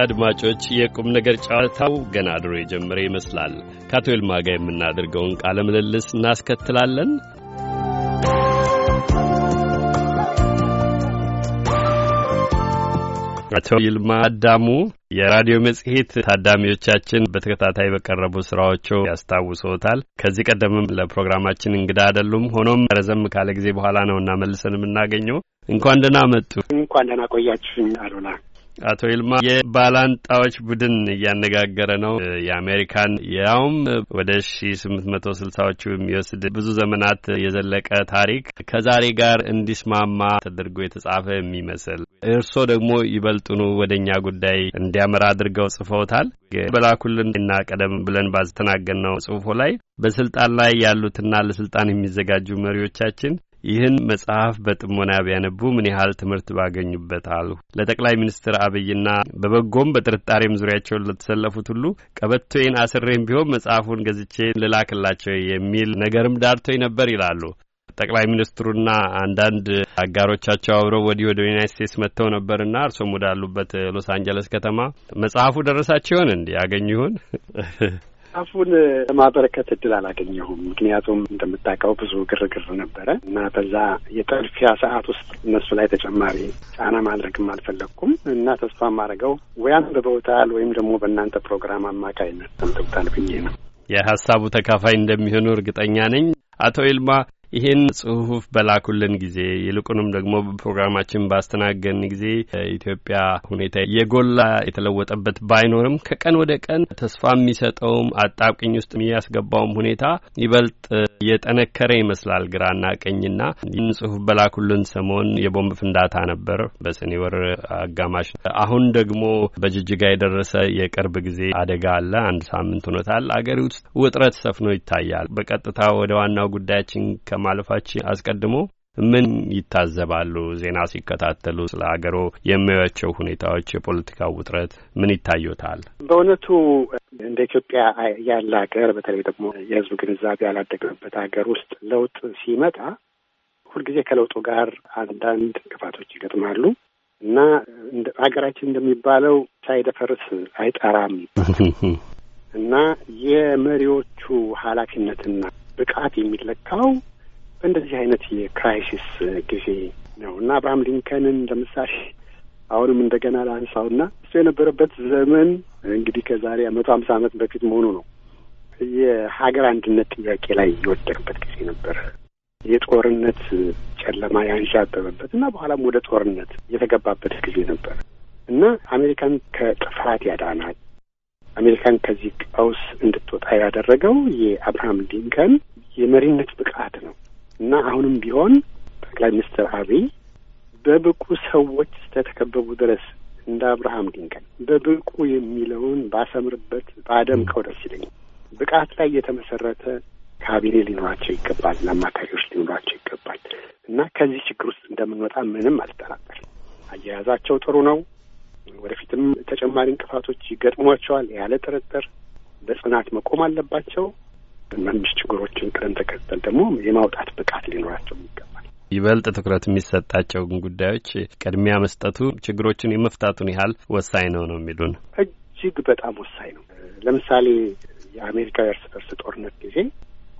አድማጮች የቁም ነገር ጨዋታው ገና ድሮ የጀመረ ይመስላል። ከአቶ ይልማ ጋር የምናደርገውን ቃለ ምልልስ እናስከትላለን። አቶ ይልማ አዳሙ የራዲዮ መጽሔት ታዳሚዎቻችን በተከታታይ በቀረቡ ስራዎቸው ያስታውሶታል። ከዚህ ቀደምም ለፕሮግራማችን እንግዳ አይደሉም። ሆኖም ረዘም ካለ ጊዜ በኋላ ነው እና መልሰን የምናገኘው። እንኳን ደህና መጡ። እንኳን ደህና ቆያችሁኝ አሉላ። አቶ ይልማ የባላንጣዎች ቡድን እያነጋገረ ነው። የአሜሪካን ያውም ወደ ሺ ስምንት መቶ ስልሳዎቹ የሚወስድ ብዙ ዘመናት የዘለቀ ታሪክ ከዛሬ ጋር እንዲስማማ ተደርጎ የተጻፈ የሚመስል እርስዎ ደግሞ ይበልጡኑ ወደ እኛ ጉዳይ እንዲያመራ አድርገው ጽፈውታል። በላኩልን እና ቀደም ብለን ነው ጽሁፎ ላይ በስልጣን ላይ ያሉትና ለስልጣን የሚዘጋጁ መሪዎቻችን ይህን መጽሐፍ በጥሞና ቢያነቡ ምን ያህል ትምህርት ባገኙበት አሉ። ለጠቅላይ ሚኒስትር አብይና በበጎም በጥርጣሬም ዙሪያቸውን ለተሰለፉት ሁሉ ቀበቶዬን አስሬም ቢሆን መጽሐፉን ገዝቼ ልላክላቸው የሚል ነገርም ዳርቶኝ ነበር ይላሉ። ጠቅላይ ሚኒስትሩና አንዳንድ አጋሮቻቸው አብረው ወዲህ ወደ ዩናይት ስቴትስ መጥተው ነበርና እርሶም ወዳሉበት ሎስ አንጀለስ ከተማ መጽሐፉ ደረሳቸው ይሆን? እንዲ ያገኙ ይሆን? መጽሐፉን ለማበረከት እድል አላገኘሁም። ምክንያቱም እንደምታውቀው ብዙ ግርግር ነበረ እና በዛ የጠልፊያ ሰዓት ውስጥ እነሱ ላይ ተጨማሪ ጫና ማድረግም አልፈለግኩም እና ተስፋ ማድረገው ወያም አንብበውታል ወይም ደግሞ በእናንተ ፕሮግራም አማካይነት ተምተውታል ብዬ ነው። የሀሳቡ ተካፋይ እንደሚሆኑ እርግጠኛ ነኝ። አቶ ይልማ ይሄን ጽሁፍ በላኩልን ጊዜ ይልቁንም ደግሞ በፕሮግራማችን ባስተናገን ጊዜ ኢትዮጵያ ሁኔታ የጎላ የተለወጠበት ባይኖርም ከቀን ወደ ቀን ተስፋ የሚሰጠውም አጣብቅኝ ውስጥ የሚያስገባውም ሁኔታ ይበልጥ የጠነከረ ይመስላል። ግራና ቀኝና ይህን ጽሁፍ በላኩልን ሰሞን የቦምብ ፍንዳታ ነበር በሰኔ ወር አጋማሽ። አሁን ደግሞ በጅጅጋ የደረሰ የቅርብ ጊዜ አደጋ አለ። አንድ ሳምንት ሆኖታል። አገር ውስጥ ውጥረት ሰፍኖ ይታያል። በቀጥታ ወደ ዋናው ጉዳያችን ከማለፋችን አስቀድሞ ምን ይታዘባሉ? ዜና ሲከታተሉ ስለ ሀገሮ የሚያያቸው ሁኔታዎች፣ የፖለቲካው ውጥረት ምን ይታዩታል? በእውነቱ እንደ ኢትዮጵያ ያለ ሀገር በተለይ ደግሞ የህዝብ ግንዛቤ ያላደገበት ሀገር ውስጥ ለውጥ ሲመጣ ሁልጊዜ ከለውጡ ጋር አንዳንድ እንቅፋቶች ይገጥማሉ እና ሀገራችን እንደሚባለው ሳይደፈርስ አይጠራም እና የመሪዎቹ ኃላፊነትና ብቃት የሚለካው በእንደዚህ አይነት የክራይሲስ ጊዜ ነው እና አብርሃም ሊንከንን ለምሳሌ አሁንም እንደገና ለአንሳውና እሱ የነበረበት ዘመን እንግዲህ ከዛሬ መቶ ሀምሳ ዓመት በፊት መሆኑ ነው። የሀገር አንድነት ጥያቄ ላይ የወደቅበት ጊዜ ነበር። የጦርነት ጨለማ ያንዣበበበት እና በኋላም ወደ ጦርነት የተገባበት ጊዜ ነበር እና አሜሪካን ከጥፋት ያዳናል አሜሪካን ከዚህ ቀውስ እንድትወጣ ያደረገው የአብርሃም ሊንከን የመሪነት ብቃት ነው። እና አሁንም ቢሆን ጠቅላይ ሚኒስትር አብይ በብቁ ሰዎች እስከተከበቡ ድረስ እንደ አብርሃም ሊንከን በብቁ የሚለውን ባሰምርበት ባደምቀው ደስ ይለኛል። ብቃት ላይ የተመሰረተ ካቢኔ ሊኖራቸው ይገባል፣ ለአማካሪዎች ሊኖራቸው ይገባል እና ከዚህ ችግር ውስጥ እንደምንወጣ ምንም አልጠራጠርም። አያያዛቸው ጥሩ ነው። ወደፊትም ተጨማሪ እንቅፋቶች ይገጥሟቸዋል ያለ ጥርጥር በጽናት መቆም አለባቸው። መንሽ ችግሮችን ቅደም ተከተል ደግሞ የማውጣት ብቃት ሊኖራቸው ይገባል። ይበልጥ ትኩረት የሚሰጣቸውን ጉዳዮች ቅድሚያ መስጠቱ ችግሮችን የመፍታቱን ያህል ወሳኝ ነው ነው የሚሉን እጅግ በጣም ወሳኝ ነው። ለምሳሌ የአሜሪካ የእርስ በርስ ጦርነት ጊዜ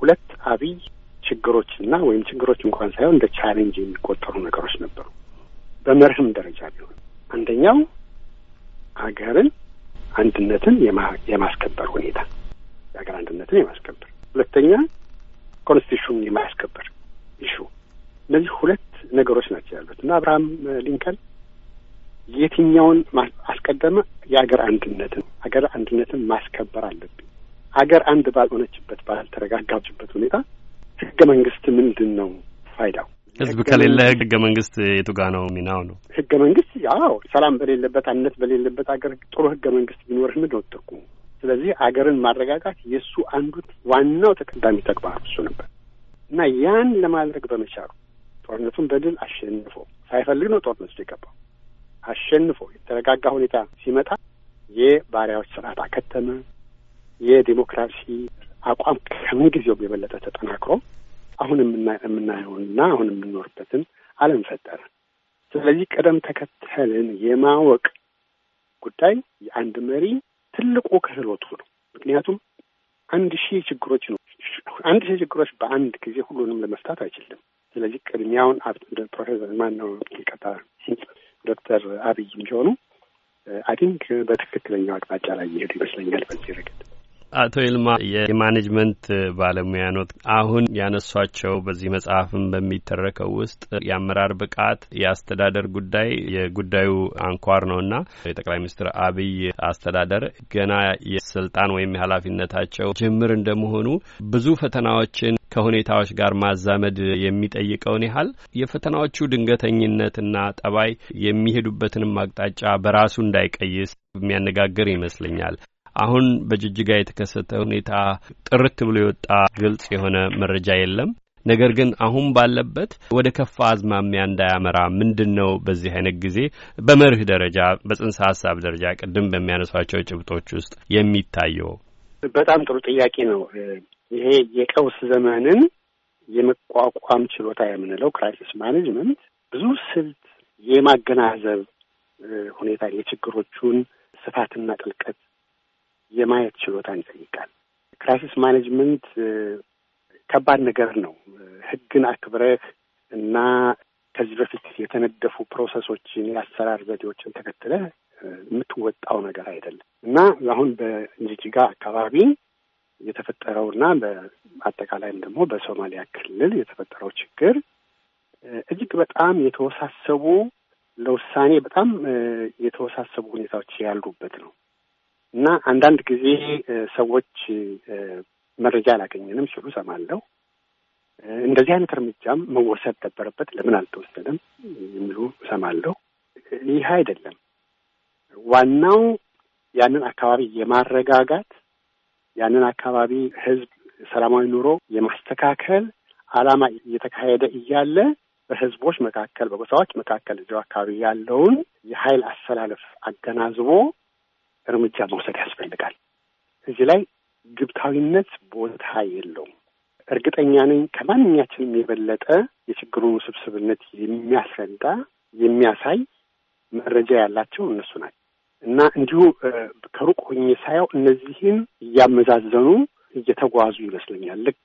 ሁለት አብይ ችግሮችና ወይም ችግሮች እንኳን ሳይሆን እንደ ቻሌንጅ የሚቆጠሩ ነገሮች ነበሩ። በመርህም ደረጃ ቢሆን አንደኛው ሀገርን አንድነትን የማስከበር ሁኔታ የሀገር አንድነትን የማስከበር ሁለተኛ ኮንስቲቱሽኑን የማያስከበር ኢሹ። እነዚህ ሁለት ነገሮች ናቸው ያሉት እና አብርሃም ሊንከን የትኛውን አስቀደመ? የሀገር አንድነትን ሀገር አንድነትን ማስከበር አለብኝ። ሀገር አንድ ባልሆነችበት ባልተረጋጋችበት ሁኔታ ህገ መንግስት ምንድን ነው ፋይዳው? ህዝብ ከሌለ ህገ መንግስት የቱ ጋ ነው ሚናው? ነው ህገ መንግስት ያው ሰላም በሌለበት አንድነት በሌለበት ሀገር ጥሩ ህገ መንግስት ቢኖርህ ምንድን ነው ጥቅሙ? ስለዚህ አገርን ማረጋጋት የእሱ አንዱ ዋናው ተቀዳሚ ተግባር እሱ ነበር እና ያን ለማድረግ በመቻሉ ጦርነቱን በድል አሸንፎ ሳይፈልግ ነው ጦርነት ውስጥ የገባው። አሸንፎ የተረጋጋ ሁኔታ ሲመጣ የባሪያዎች ስርዓት አከተመ። የዲሞክራሲ አቋም ከምን የበለጠ ተጠናክሮ አሁን የምናየውንና አሁን የምንኖርበትን ዓለም ፈጠረ። ስለዚህ ቅደም ተከተልን የማወቅ ጉዳይ የአንድ መሪ ትልቁ ክህሎቱ ነው። ምክንያቱም አንድ ሺህ ችግሮች ነው አንድ ሺህ ችግሮች በአንድ ጊዜ ሁሉንም ለመፍታት አይችልም። ስለዚህ ቅድሚያውን ፕሮፌሰር ማነው ነው ቀጣ ዶክተር አብይ እንዲሆኑ አይ ቲንክ በትክክለኛው አቅጣጫ ላይ እየሄዱ ይመስለኛል በዚህ ረገድ አቶ ይልማ የማኔጅመንት ባለሙያ ኖት። አሁን ያነሷቸው በዚህ መጽሐፍም በሚተረከው ውስጥ የአመራር ብቃት፣ የአስተዳደር ጉዳይ የጉዳዩ አንኳር ነውና የጠቅላይ ሚኒስትር አብይ አስተዳደር ገና የስልጣን ወይም የኃላፊነታቸው ጅምር እንደመሆኑ ብዙ ፈተናዎችን ከሁኔታዎች ጋር ማዛመድ የሚጠይቀውን ያህል የፈተናዎቹ ድንገተኝነትና ጠባይ የሚሄዱበትንም አቅጣጫ በራሱ እንዳይቀይስ የሚያነጋግር ይመስለኛል። አሁን በጅጅጋ የተከሰተ ሁኔታ ጥርት ብሎ የወጣ ግልጽ የሆነ መረጃ የለም። ነገር ግን አሁን ባለበት ወደ ከፋ አዝማሚያ እንዳያመራ ምንድን ነው በዚህ አይነት ጊዜ በመርህ ደረጃ በጽንሰ ሀሳብ ደረጃ ቅድም በሚያነሷቸው ጭብጦች ውስጥ የሚታየው? በጣም ጥሩ ጥያቄ ነው። ይሄ የቀውስ ዘመንን የመቋቋም ችሎታ የምንለው ክራይሲስ ማኔጅመንት ብዙ ስልት የማገናዘብ ሁኔታ የችግሮቹን ስፋትና ጥልቀት የማየት ችሎታን ይጠይቃል። ክራይሲስ ማኔጅመንት ከባድ ነገር ነው። ህግን አክብረህ እና ከዚህ በፊት የተነደፉ ፕሮሰሶችን፣ የአሰራር ዘዴዎችን ተከትለ የምትወጣው ነገር አይደለም እና አሁን በጅጅጋ አካባቢ የተፈጠረው እና በአጠቃላይም ደግሞ በሶማሊያ ክልል የተፈጠረው ችግር እጅግ በጣም የተወሳሰቡ ለውሳኔ በጣም የተወሳሰቡ ሁኔታዎች ያሉበት ነው። እና አንዳንድ ጊዜ ሰዎች መረጃ አላገኘንም ሲሉ ሰማለሁ። እንደዚህ አይነት እርምጃም መወሰድ ነበረበት፣ ለምን አልተወሰደም የሚሉ ሰማለሁ። ይህ አይደለም ዋናው። ያንን አካባቢ የማረጋጋት ያንን አካባቢ ህዝብ ሰላማዊ ኑሮ የማስተካከል አላማ እየተካሄደ እያለ በህዝቦች መካከል በጎሳዎች መካከል እዚያው አካባቢ ያለውን የኃይል አሰላለፍ አገናዝቦ እርምጃ መውሰድ ያስፈልጋል። እዚህ ላይ ግብታዊነት ቦታ የለውም። እርግጠኛ ነኝ ከማንኛችንም የበለጠ የችግሩን ውስብስብነት የሚያስረዳ የሚያሳይ መረጃ ያላቸው እነሱ ናቸው እና እንዲሁ ከሩቅ ሆኜ ሳየው እነዚህን እያመዛዘኑ እየተጓዙ ይመስለኛል። ልክ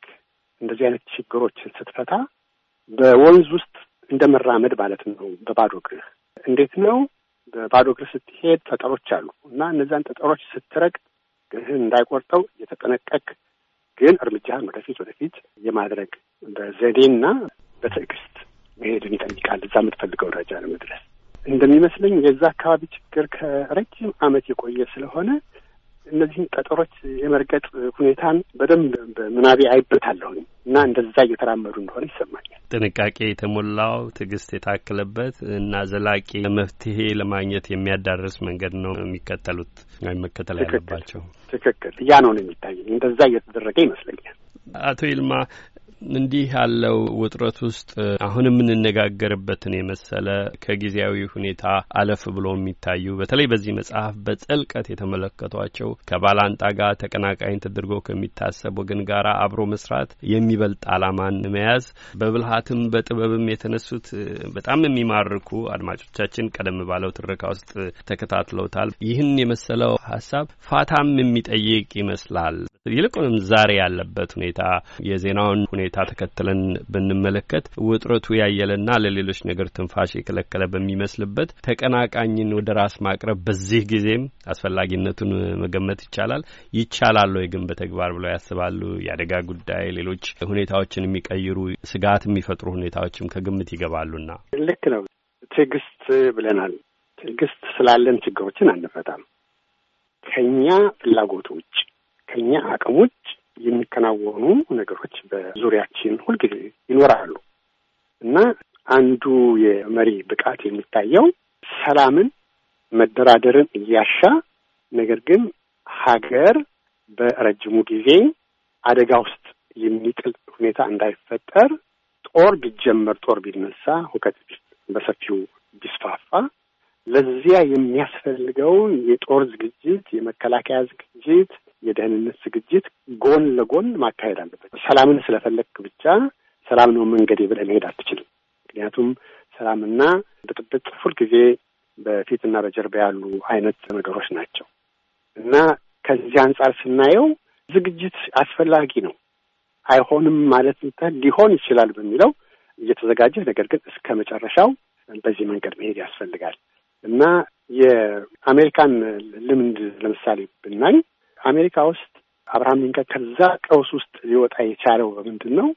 እንደዚህ አይነት ችግሮችን ስትፈታ በወንዝ ውስጥ እንደ መራመድ ማለት ነው። በባዶ እግርህ እንዴት ነው በባዶ እግር ስትሄድ ጠጠሮች አሉ እና እነዚያን ጠጠሮች ስትረግጥ እግርህን እንዳይቆርጠው እየተጠነቀቅ ግን እርምጃህን ወደፊት ወደፊት የማድረግ በዘዴና በትዕግስት መሄድን ይጠይቃል። እዛ የምትፈልገው ደረጃ ለመድረስ እንደሚመስለኝ የዛ አካባቢ ችግር ከረጅም ዓመት የቆየ ስለሆነ እነዚህን ጠጠሮች የመርገጥ ሁኔታን በደንብ በምናቤ አይበታለሁኝ እና እንደዛ እየተራመዱ እንደሆነ ይሰማኛል። ጥንቃቄ የተሞላው ትዕግስት የታከለበት እና ዘላቂ መፍትሄ ለማግኘት የሚያዳርስ መንገድ ነው የሚከተሉት ወይም መከተል ያለባቸው። ትክክል ያ ነው ነው የሚታየኝ። እንደዛ እየተደረገ ይመስለኛል። አቶ ይልማ እንዲህ ያለው ውጥረት ውስጥ አሁን የምንነጋገርበትን የመሰለ ከጊዜያዊ ሁኔታ አለፍ ብሎ የሚታዩ በተለይ በዚህ መጽሐፍ በጥልቀት የተመለከቷቸው ከባላንጣ ጋር ተቀናቃኝ ተደርጎ ከሚታሰብ ወገን ጋር አብሮ መስራት የሚበልጥ አላማን መያዝ በብልሃትም በጥበብም የተነሱት በጣም የሚማርኩ አድማጮቻችን ቀደም ባለው ትረካ ውስጥ ተከታትለውታል። ይህን የመሰለው ሀሳብ ፋታም የሚጠይቅ ይመስላል። ይልቁንም ዛሬ ያለበት ሁኔታ የዜናውን ሁኔታ ሁኔታ ተከትለን ብንመለከት ውጥረቱ ያየለና ለሌሎች ነገር ትንፋሽ የከለከለ በሚመስልበት ተቀናቃኝን ወደ ራስ ማቅረብ በዚህ ጊዜም አስፈላጊነቱን መገመት ይቻላል። ይቻላል ወይ ግን በተግባር ብለው ያስባሉ? የአደጋ ጉዳይ፣ ሌሎች ሁኔታዎችን የሚቀይሩ ስጋት የሚፈጥሩ ሁኔታዎችም ከግምት ይገባሉና ልክ ነው። ትዕግስት ብለናል። ትዕግስት ስላለን ችግሮችን አንፈታም። ከኛ ፍላጎት ውጭ ከኛ አቅም ውጭ የሚከናወኑ ነገሮች በዙሪያችን ሁልጊዜ ይኖራሉ እና አንዱ የመሪ ብቃት የሚታየው ሰላምን፣ መደራደርን እያሻ ነገር ግን ሀገር በረጅሙ ጊዜ አደጋ ውስጥ የሚጥል ሁኔታ እንዳይፈጠር ጦር ቢጀመር ጦር ቢነሳ ሁከት በሰፊው ቢስፋፋ ለዚያ የሚያስፈልገውን የጦር ዝግጅት፣ የመከላከያ ዝግጅት የደህንነት ዝግጅት ጎን ለጎን ማካሄድ አለበት። ሰላምን ስለፈለግክ ብቻ ሰላም ነው መንገዴ ብለህ መሄድ አትችልም። ምክንያቱም ሰላምና ብጥብጥ ሁልጊዜ በፊትና በጀርባ ያሉ አይነት ነገሮች ናቸው እና ከዚህ አንጻር ስናየው ዝግጅት አስፈላጊ ነው። አይሆንም ማለት እንትን ሊሆን ይችላል በሚለው እየተዘጋጀ ነገር ግን እስከ መጨረሻው በዚህ መንገድ መሄድ ያስፈልጋል እና የአሜሪካን ልምድ ለምሳሌ ብናይ አሜሪካ ውስጥ አብርሃም ሊንከን ከዛ ቀውስ ውስጥ ሊወጣ የቻለው በምንድን ነው?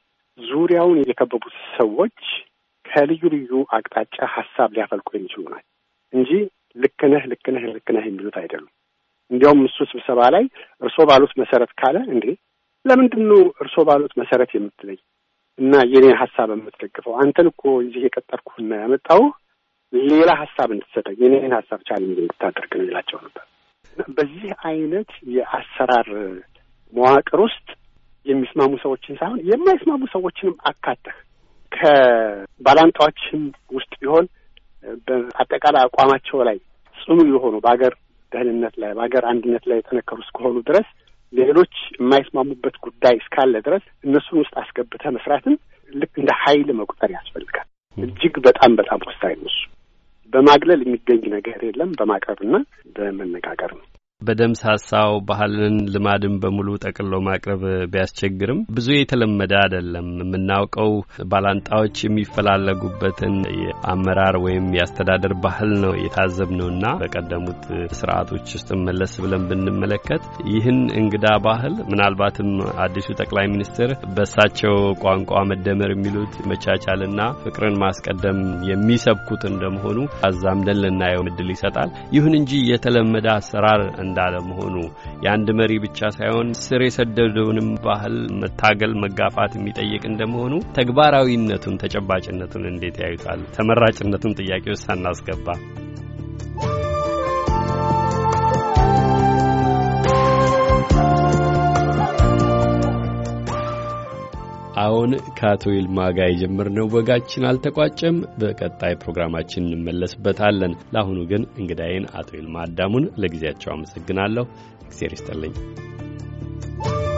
ዙሪያውን የከበቡት ሰዎች ከልዩ ልዩ አቅጣጫ ሀሳብ ሊያፈልቁ የሚችሉ ናቸው እንጂ ልክነህ ልክነህ ልክነህ የሚሉት አይደሉም። እንዲያውም እሱ ስብሰባ ላይ እርሶ ባሉት መሰረት ካለ እንዴ ለምንድን ነው እርሶ ባሉት መሰረት የምትለይ እና የኔን ሀሳብ የምትደግፈው? አንተን እኮ እዚህ የቀጠርኩህና ያመጣሁህ ሌላ ሀሳብ እንድትሰጠኝ የኔን ሀሳብ ቻል እንድታደርግ ነው ይላቸው ነበር። በዚህ አይነት የአሰራር መዋቅር ውስጥ የሚስማሙ ሰዎችን ሳይሆን የማይስማሙ ሰዎችንም አካተህ ከባላንጣዎችም ውስጥ ቢሆን በአጠቃላይ አቋማቸው ላይ ጽኑ የሆኑ በሀገር ደህንነት ላይ በሀገር አንድነት ላይ የጠነከሩ እስከሆኑ ድረስ ሌሎች የማይስማሙበት ጉዳይ እስካለ ድረስ እነሱን ውስጥ አስገብተ መስራትን ልክ እንደ ኃይል መቁጠር ያስፈልጋል። እጅግ በጣም በጣም ወሳኝ ነው እሱ። በማግለል የሚገኝ ነገር የለም። በማቅረብና በመነጋገር ነው። በደምሳሳው ባህልን ልማድን በሙሉ ጠቅሎ ማቅረብ ቢያስቸግርም ብዙ የተለመደ አይደለም። የምናውቀው ባላንጣዎች የሚፈላለጉበትን የአመራር ወይም የአስተዳደር ባህል ነው የታዘብነውና በቀደሙት ስርዓቶች ውስጥ መለስ ብለን ብንመለከት ይህን እንግዳ ባህል ምናልባትም አዲሱ ጠቅላይ ሚኒስትር በሳቸው ቋንቋ መደመር የሚሉት መቻቻልና ፍቅርን ማስቀደም የሚሰብኩት እንደመሆኑ አዛምደን ልናየው እድል ይሰጣል። ይሁን እንጂ የተለመደ አሰራር መሆኑ የአንድ መሪ ብቻ ሳይሆን ስር የሰደደውንም ባህል መታገል፣ መጋፋት የሚጠይቅ እንደመሆኑ ተግባራዊነቱን ተጨባጭነቱን እንዴት ያዩታል? ተመራጭነቱን ጥያቄ ውስጥ ሳናስገባ አሁን ከአቶ ይልማ ጋር የጀመርነው ወጋችን አልተቋጨም። በቀጣይ ፕሮግራማችን እንመለስበታለን። ለአሁኑ ግን እንግዳይን አቶ ይልማ አዳሙን ለጊዜያቸው አመሰግናለሁ። እግዜር ይስጠልኝ። Thank you.